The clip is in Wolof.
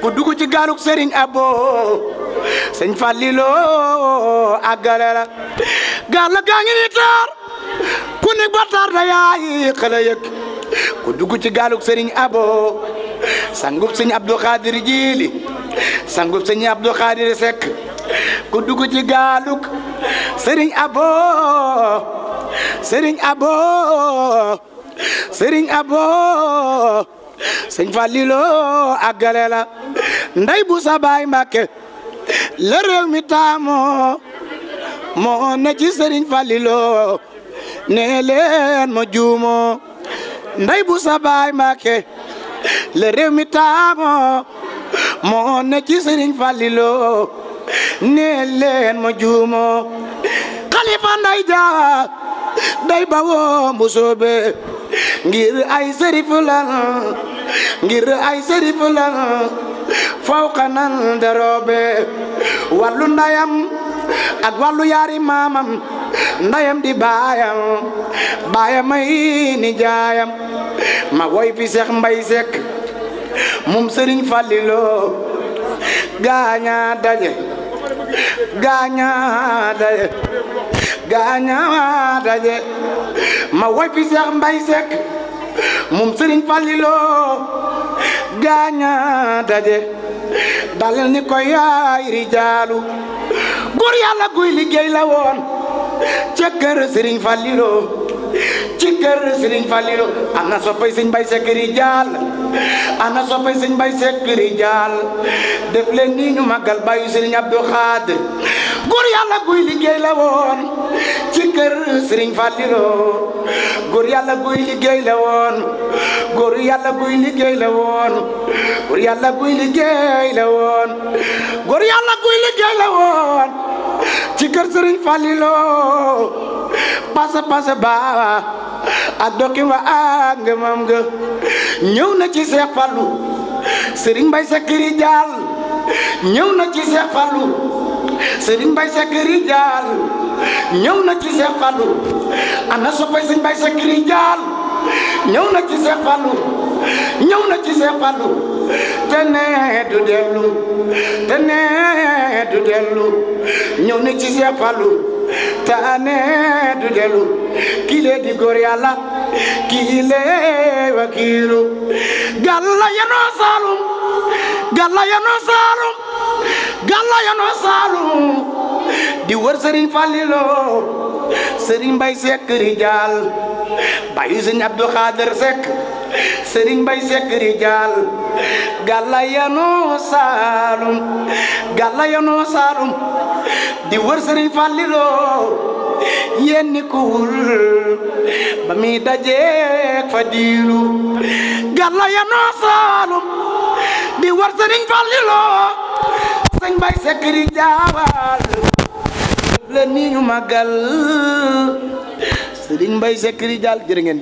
ku dugg ci gaanuk sëriñ abo sëñ Fallilo àggale la gaal la gaa ngi ni taar ku nekk ba taar da yaay xala yëg ku dugg ci gaaluk sëriñ abo sangub sëñ Abdou Khadir Jiili sangub sëñ Abdou Khadir Seck ku dugg ci gaaluk sëriñ abo sëriñ abo sëriñ abo sëñ Fallilo àggale la ndey bu sa baay Mbàkke la réew mi taamoo moo ne ci sëriñ Fallilo nee leen ma juumoo ndey bu sa baay Mbàkke la mi taamoo moo ne ci sëriñ Fallilo nee leen ma juumoo xalifa nday jaa day bawoo mbusoobe ngir ay sërif lan ngir ay sërif lan fawqa nan daroobe wàllu ndayam ak wàllu yaari maamam ndayam di baayam baayam ay ni ma woy fi seex mbay moom sëriñ fàlliloo gaañaa daje gaañaa daje gaañaa daje ma woy fi Mbay Sekk moom Sëriñ Fallilo gaañaa daje dalal ni ko yaay rijaalu góor yàlla liggéey la woon ca kër Sëriñ Fallilo ci kër sëriñ Falilu ana soppay sëñ Mbay Sekk rijaal ana soppay sëñ Mbay Sekk rijaal def leen nii ñu màggal bàyyi sëriñ Abdou Xaadir góor yàlla guy liggéey la woon ci kër sëriñ Falilu góor yàlla guy liggéey la woon góor yàlla guy liggéey la woon góor yàlla guy liggéey la woon góor yàlla guy liggéey la woon ci kër sëriñ Falilo pasa pasa baawa a doki wa a ngëmam nga ñëw na ci Seex Fallu sëriñ bay Sakiri Jaal ñëw na ci Seex Fallu sëriñ Mbay Sakiri Jaal ñëw na ci Seex a ana soppay sëriñ Mbay Sakiri Jaal na ci Seex Fallu na ci Seex Fallu du dellu te ne du dellu ñëw na ci Seex Fallu taane du dellu kile di góor yàlla kile wakiilu galla yanoo saalum galla yanoo saalum galla yanoo saalum di wër Sëriñ sëriñ bay sekk rijaal bayu sëriñ abdu xaadir sekk sëriñ mbay sekk rijaal gàlla yanoo saalum gàlla yanoo saalum di sëriñ fàlliloo yéen ni ba mi dajeek fa diilu gàlla noo saalum di sëriñ Falliloo sëñ Mbay Sekk ri la niñu magal serigne mbay sekri dal jere ngeen